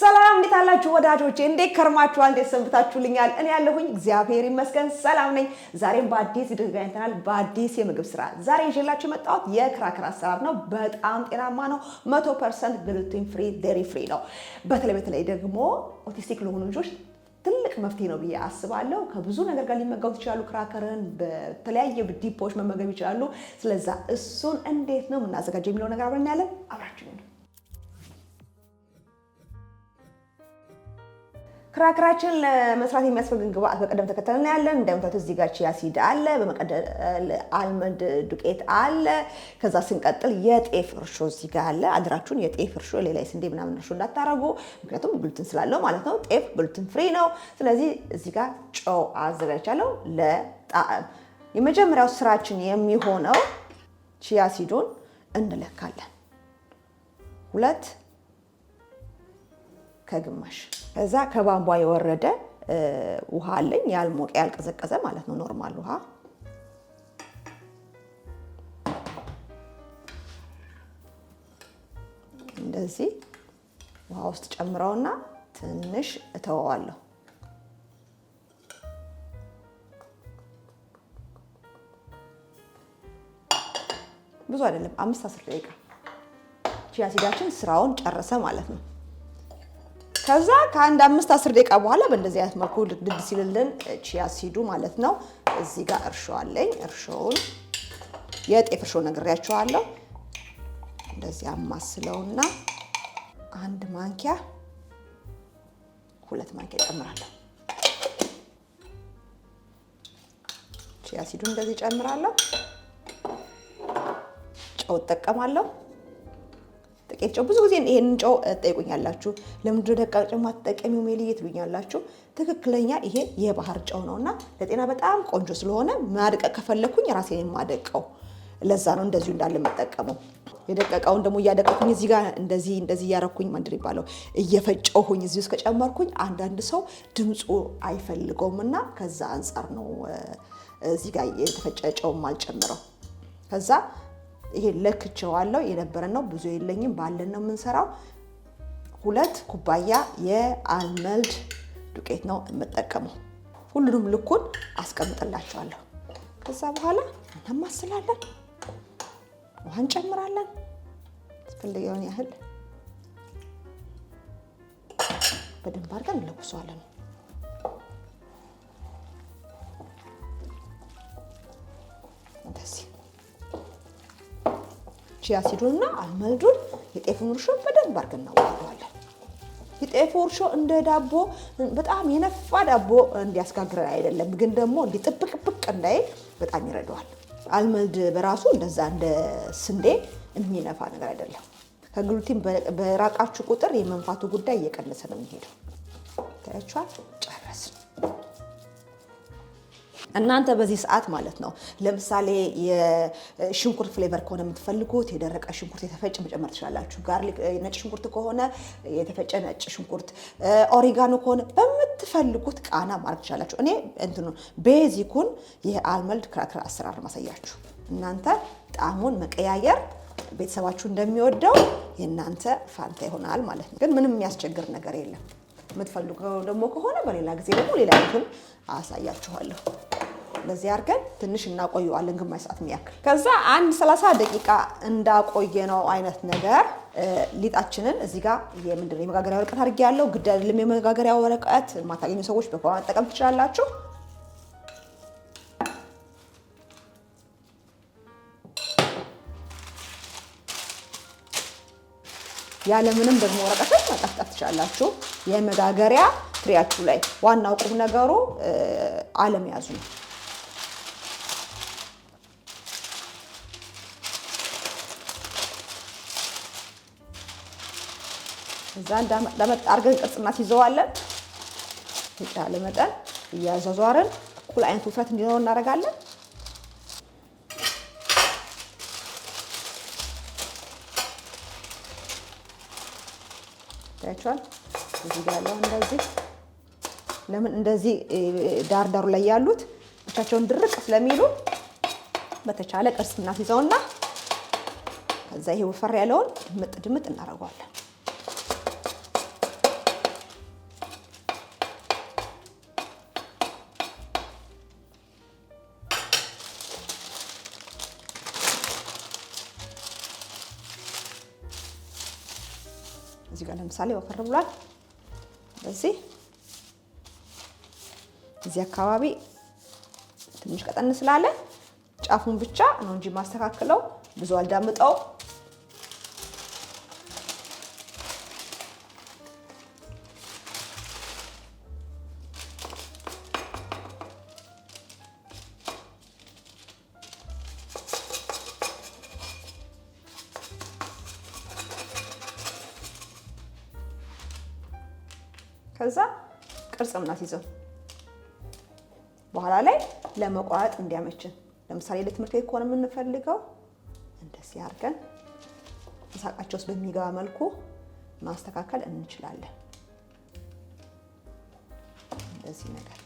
ሰላም እንዴት አላችሁ ወዳጆቼ? እንዴት ከርማችኋል? እንዴት ሰንብታችሁልኛል? እኔ ያለሁኝ እግዚአብሔር ይመስገን ሰላም ነኝ። ዛሬም በአዲስ ቪዲዮ በአዲስ የምግብ ስራ። ዛሬ ይዤላችሁ የመጣሁት የክራክር አሰራር ነው። በጣም ጤናማ ነው። መቶ ፐርሰንት ግሉቲን ፍሪ ዴሪ ፍሪ ነው። በተለይ በተለይ ደግሞ ኦቲስቲክ ለሆኑ ልጆች ትልቅ መፍትሄ ነው ብዬ አስባለሁ። ከብዙ ነገር ጋር ሊመገቡት ይችላሉ። ክራከርን በተለያየ ዲፖች መመገብ ይችላሉ። ስለዛ እሱን እንዴት ነው የምናዘጋጀው የሚለው ነገር አብረን እናያለን። አብራችሁ ክራክራችን ለመስራት የሚያስፈልግን ግብአት በቅደም ተከተል እናያለን። እንደምታት እዚህ ጋር ቺያሲድ አለ፣ በመቀደል አልመንድ ዱቄት አለ። ከዛ ስንቀጥል የጤፍ እርሾ እዚህ ጋር አለ። አድራችሁን የጤፍ እርሾ ሌላ ስንዴ ምናምን እርሾ እንዳታረጉ፣ ምክንያቱም ብሉትን ስላለው ማለት ነው። ጤፍ ብሉትን ፍሪ ነው። ስለዚህ እዚህ ጋር ጨው አዘጋጅቻለሁ ለጣዕም። የመጀመሪያው ስራችን የሚሆነው ቺያሲዱን እንለካለን ሁለት ከግማሽ ከዛ ከቧንቧ የወረደ ውሃ አለኝ ያልሞቀ ያልቀዘቀዘ ማለት ነው ኖርማል ውሃ እንደዚህ ውሃ ውስጥ ጨምረውና ትንሽ እተወዋለሁ ብዙ አይደለም አምስት አስር ደቂቃ ቺያ ሲዳችን ስራውን ጨረሰ ማለት ነው ከዛ ከአንድ አምስት አስር ደቂቃ በኋላ በእንደዚህ አይነት መልኩ ድድ ሲልልን ቺያ ሲዱ ማለት ነው። እዚህ ጋር እርሾ አለኝ። እርሾውን የጤፍ እርሾ ነግሬያችኋለሁ። እንደዚህ አማስለውና አንድ ማንኪያ ሁለት ማንኪያ እጨምራለሁ። ቺያ ሲዱ እንደዚህ እጨምራለሁ። ጨው እጠቀማለሁ። ጥቂት ጨው። ብዙ ጊዜ ይሄንን ጨው ጠይቁኛላችሁ። ለምንድነው ደቃቅ ጨው የማትጠቀሚው ሜልዬ ትሉኛላችሁ። ትክክለኛ ይሄ የባህር ጨው ነው እና ለጤና በጣም ቆንጆ ስለሆነ ማድቀቅ ከፈለግኩኝ ራሴን የማደቀው ለዛ ነው እንደዚሁ እንዳለ የምጠቀመው። የደቀቀውን ደግሞ እያደቀኩኝ እዚህ ጋር እንደዚህ እንደዚህ እያረኩኝ ምንድን ይባለው እየፈጨሁኝ እዚህ ውስጥ ከጨመርኩኝ አንዳንድ ሰው ድምፁ አይፈልገውም እና ከዛ አንጻር ነው እዚህ ጋር የተፈጨ ጨውም አልጨምረው ከዛ ይሄ ለክቼዋለሁ። የነበረን ነው ብዙ የለኝም፣ ባለን ነው የምንሰራው። ሁለት ኩባያ የአልመልድ ዱቄት ነው የምጠቀመው። ሁሉንም ልኩን አስቀምጥላቸዋለሁ። ከዛ በኋላ እናማስላለን፣ ውሃ እንጨምራለን አስፈለገውን ያህል በደንብ አድርገን እንለኩሰዋለን። ቺያ ሲዱንና አልመልዱን የጤፉን እርሾ በደንብ አድርገን እናዋህደዋለን። የጤፉ እርሾ እንደ ዳቦ በጣም የነፋ ዳቦ እንዲያስጋግረን አይደለም፣ ግን ደግሞ እንዲጥብቅብቅ እንዳይል በጣም ይረዳዋል። አልመልድ በራሱ እንደዛ እንደ ስንዴ የሚነፋ ነገር አይደለም። ከግሉቲን በራቃችሁ ቁጥር የመንፋቱ ጉዳይ እየቀነሰ ነው የሚሄደው። ታያችኋል። ጨረስን። እናንተ በዚህ ሰዓት ማለት ነው ለምሳሌ የሽንኩርት ፍሌቨር ከሆነ የምትፈልጉት የደረቀ ሽንኩርት የተፈጨ መጨመር ትችላላችሁ። ጋርሊክ ነጭ ሽንኩርት ከሆነ የተፈጨ ነጭ ሽንኩርት፣ ኦሪጋኖ ከሆነ በምትፈልጉት ቃና ማድረግ ትችላላችሁ። እኔ እንትኑ ቤዚኩን የአልመልድ ክራክር አሰራር ማሳያችሁ እናንተ ጣዕሙን መቀያየር ቤተሰባችሁ እንደሚወደው የእናንተ ፋንታ ይሆናል ማለት ነው። ግን ምንም የሚያስቸግር ነገር የለም። የምትፈልገው ደግሞ ከሆነ በሌላ ጊዜ ደግሞ ሌላ አሳያችኋለሁ። እንደዚህ አድርገን ትንሽ እናቆየዋለን፣ ግማሽ ሰዓት የሚያክል ከዛ አንድ 30 ደቂቃ እንዳቆየ ነው አይነት ነገር ሊጣችንን እዚህ ጋር የምንድን ነው የመጋገሪያ ወረቀት አድርጌ ያለው ግድ አይደለም። የመጋገሪያ ወረቀት የማታገኙ ሰዎች በ መጠቀም ትችላላችሁ። ያለምንም ደግሞ ወረቀትን መጠፍጠፍ ትችላላችሁ የመጋገሪያ ትሪያችሁ ላይ ዋናው ቁም ነገሩ አለመያዙ ነው። እዛ ለመጥ አድርገን ቅርጽ እናስይዘዋለን። የተቻለ መጠን እያዟዟርን እኩል አይነት ውፍረት እንዲኖር እናደርጋለን። ታያችኋል። እዚህ ጋር ያለው እንደዚህ ለምን እንደዚህ ዳር ዳሩ ላይ ያሉት ብቻቸውን ድርቅ ስለሚሉ በተቻለ ቅርጽ እናስይዘውና ከዛ ይሄ ወፈር ያለውን ድምጥ ድምጥ እናደርገዋለን። እዚህ ጋር ለምሳሌ ወፈር ብሏል። በዚህ እዚህ አካባቢ ትንሽ ቀጠን ስላለ ጫፉን ብቻ ነው እንጂ ማስተካከለው ብዙ አልዳምጠው ከዛ ቅርጽ ምናስይዘው በኋላ ላይ ለመቆራረጥ እንዲያመችን። ለምሳሌ ለትምህርት ቤት ከሆነ የምንፈልገው እንደዚህ አድርገን ሳቃቸው ውስጥ በሚገባ መልኩ ማስተካከል እንችላለን። እንደዚህ ነገር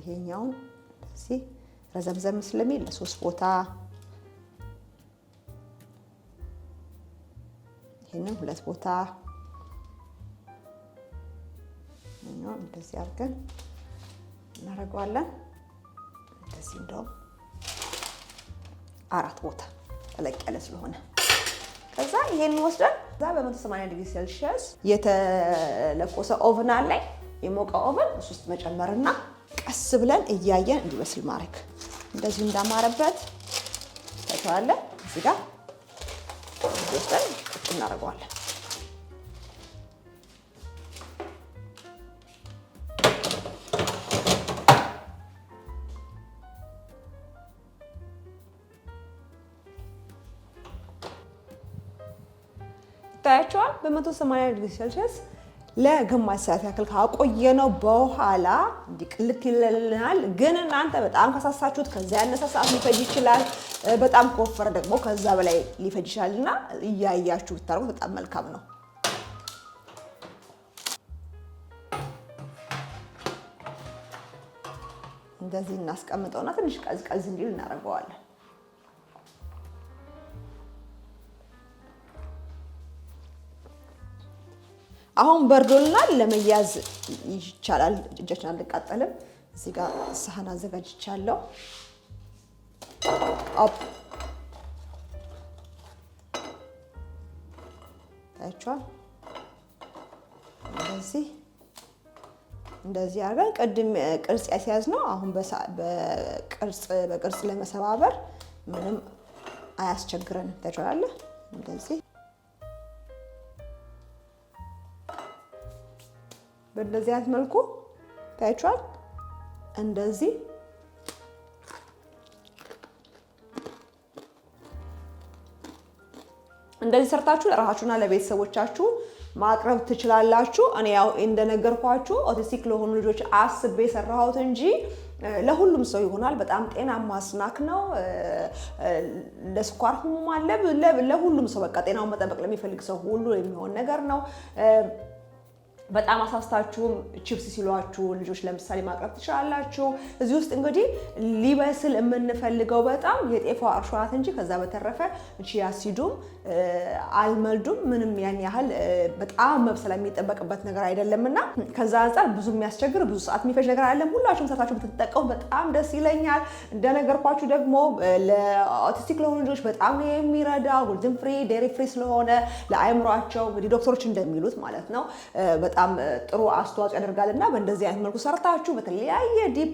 ይሄኛውን እንደዚህ ረዘምዘም ስለሚል ለሶስት ቦታ ይሄንን ሁለት ቦታ እንደዚህ አድርገን እናደርገዋለን። እንደዚህ እንደውም አራት ቦታ ጠለቅ ያለ ስለሆነ ከዛ ይሄን ወስደን እዛ በ180 ዲግሪ ሴልሺየስ የተለኮሰ ኦቭን አለኝ የሞቀ ኦቭን እሱ ውስጥ መጨመርና ቀስ ብለን እያየን እንዲበስል ማድረግ እንደዚሁ እንዳማረበት ታይተዋለ እዚህ ጋር ወስደን እናደርገዋለን። ይታያቸዋል። በ180 ዲግሪ ሴልሺየስ ለግማሽ ሰዓት ያክል ካቆየነው በኋላ እንዲቅልት ይለልናል። ግን እናንተ በጣም ከሳሳችሁት ከዚያ ያነሳ ሰዓት ሊፈጅ ይችላል። በጣም ከወፈረ ደግሞ ከዛ በላይ ሊፈጅ ይችላል እና እያያችሁ ብታደርጉት በጣም መልካም ነው። እንደዚህ እናስቀምጠውና ትንሽ ቀዝቀዝ እንዲል እናደርገዋለን። አሁን በርዶልናል፣ ለመያዝ ይቻላል። እጃችን አንቃጠልም። እዚህ ጋር ሳህን አዘጋጅቻለሁ። አፕ ታያችኋል። እንደዚህ እንደዚህ አድርገን ቅድም ቅርጽ ያስያዝ ነው። አሁን በቅርጽ በቅርጽ ለመሰባበር ምንም አያስቸግረንም። ታችኋላለ እንደዚህ በእንደዚህ አይነት መልኩ ታያችኋል እንደዚህ እንደዚህ ሰርታችሁ ለራሳችሁና ለቤተሰቦቻችሁ ማቅረብ ትችላላችሁ። እኔ ያው እንደነገርኳችሁ ኦቲስቲክ ለሆኑ ልጆች አስቤ የሰራሁት እንጂ ለሁሉም ሰው ይሆናል። በጣም ጤናማ ስናክ ነው። ለስኳር ህሙማን፣ ለሁሉም ሰው በቃ ጤናውን መጠበቅ ለሚፈልግ ሰው ሁሉ የሚሆን ነገር ነው። በጣም አሳስታችሁም ቺፕስ ሲሏችሁ ልጆች ለምሳሌ ማቅረብ ትችላላችሁ። እዚህ ውስጥ እንግዲህ ሊበስል የምንፈልገው በጣም የጤፋ እርሾ ናት እንጂ ከዛ በተረፈ እቺ ሲዱም አልመልዱም ምንም ያን ያህል በጣም መብሰል የሚጠበቅበት ነገር አይደለም እና ከዛ አንጻር ብዙ የሚያስቸግር ብዙ ሰዓት የሚፈጅ ነገር አይደለም። ሁላችሁም ሰርታችሁ ብትጠቀሙ በጣም ደስ ይለኛል። እንደነገርኳችሁ ደግሞ ለአውቲስቲክ ለሆኑ ልጆች በጣም ነው የሚረዳ። ጉልድን ፍሪ ዴሪ ፍሪ ስለሆነ ለአይምሯቸው እንግዲህ ዶክተሮች እንደሚሉት ማለት ነው በጣም ጥሩ አስተዋጽኦ ያደርጋል እና በእንደዚህ አይነት መልኩ ሰርታችሁ በተለያየ ዲፕ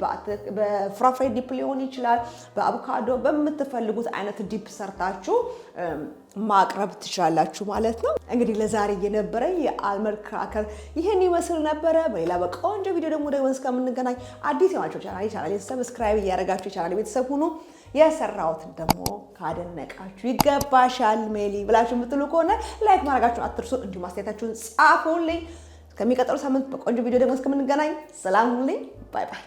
በፍራፍሬ ዲፕ ሊሆን ይችላል፣ በአቮካዶ በምትፈልጉት አይነት ዲፕ ሰርታችሁ ማቅረብ ትችላላችሁ ማለት ነው። እንግዲህ ለዛሬ የነበረ የአልመንድ ክራከር ይህን ይመስል ነበረ። በሌላ በቆንጆ ቪዲዮ ደግሞ ደግሞ እስከምንገናኝ አዲስ የማቸው ቻናል ቻናል ሰብስክራይብ እያደረጋችሁ የቻናል ቤተሰብ ሁኑ። የሰራሁትን ደግሞ ካደነቃችሁ ይገባሻል ሜሊ ብላችሁ የምትሉ ከሆነ ላይክ ማድረጋችሁን አትርሱ። እንዲሁም አስተያየታችሁን ጻፉልኝ። ከሚቀጥለው ሳምንት በቆንጆ ቪዲዮ ደግሞ እስከምንገናኝ ሰላም ሁኑልኝ። ባይ ባይ።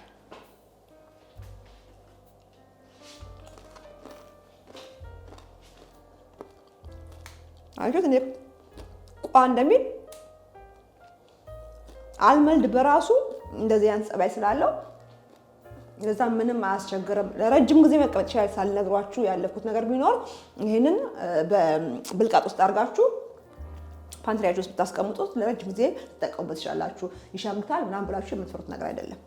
አጆት እኔ ቋ እንደሚል አልመልድ በራሱ እንደዚህ ያን ጸባይ ስላለው ለዛ ምንም አያስቸግርም። ለረጅም ጊዜ መቀመጥ ይችላል። ሳልነግሯችሁ ያለፍኩት ነገር ቢኖር ይህንን በብልቃጥ ውስጥ አድርጋችሁ ፓንትሪያችሁ ውስጥ ብታስቀምጡት ለረጅም ጊዜ ትጠቀሙበት ይችላላችሁ። ይሸምታል ምናምን ብላችሁ የምትፈሩት ነገር አይደለም።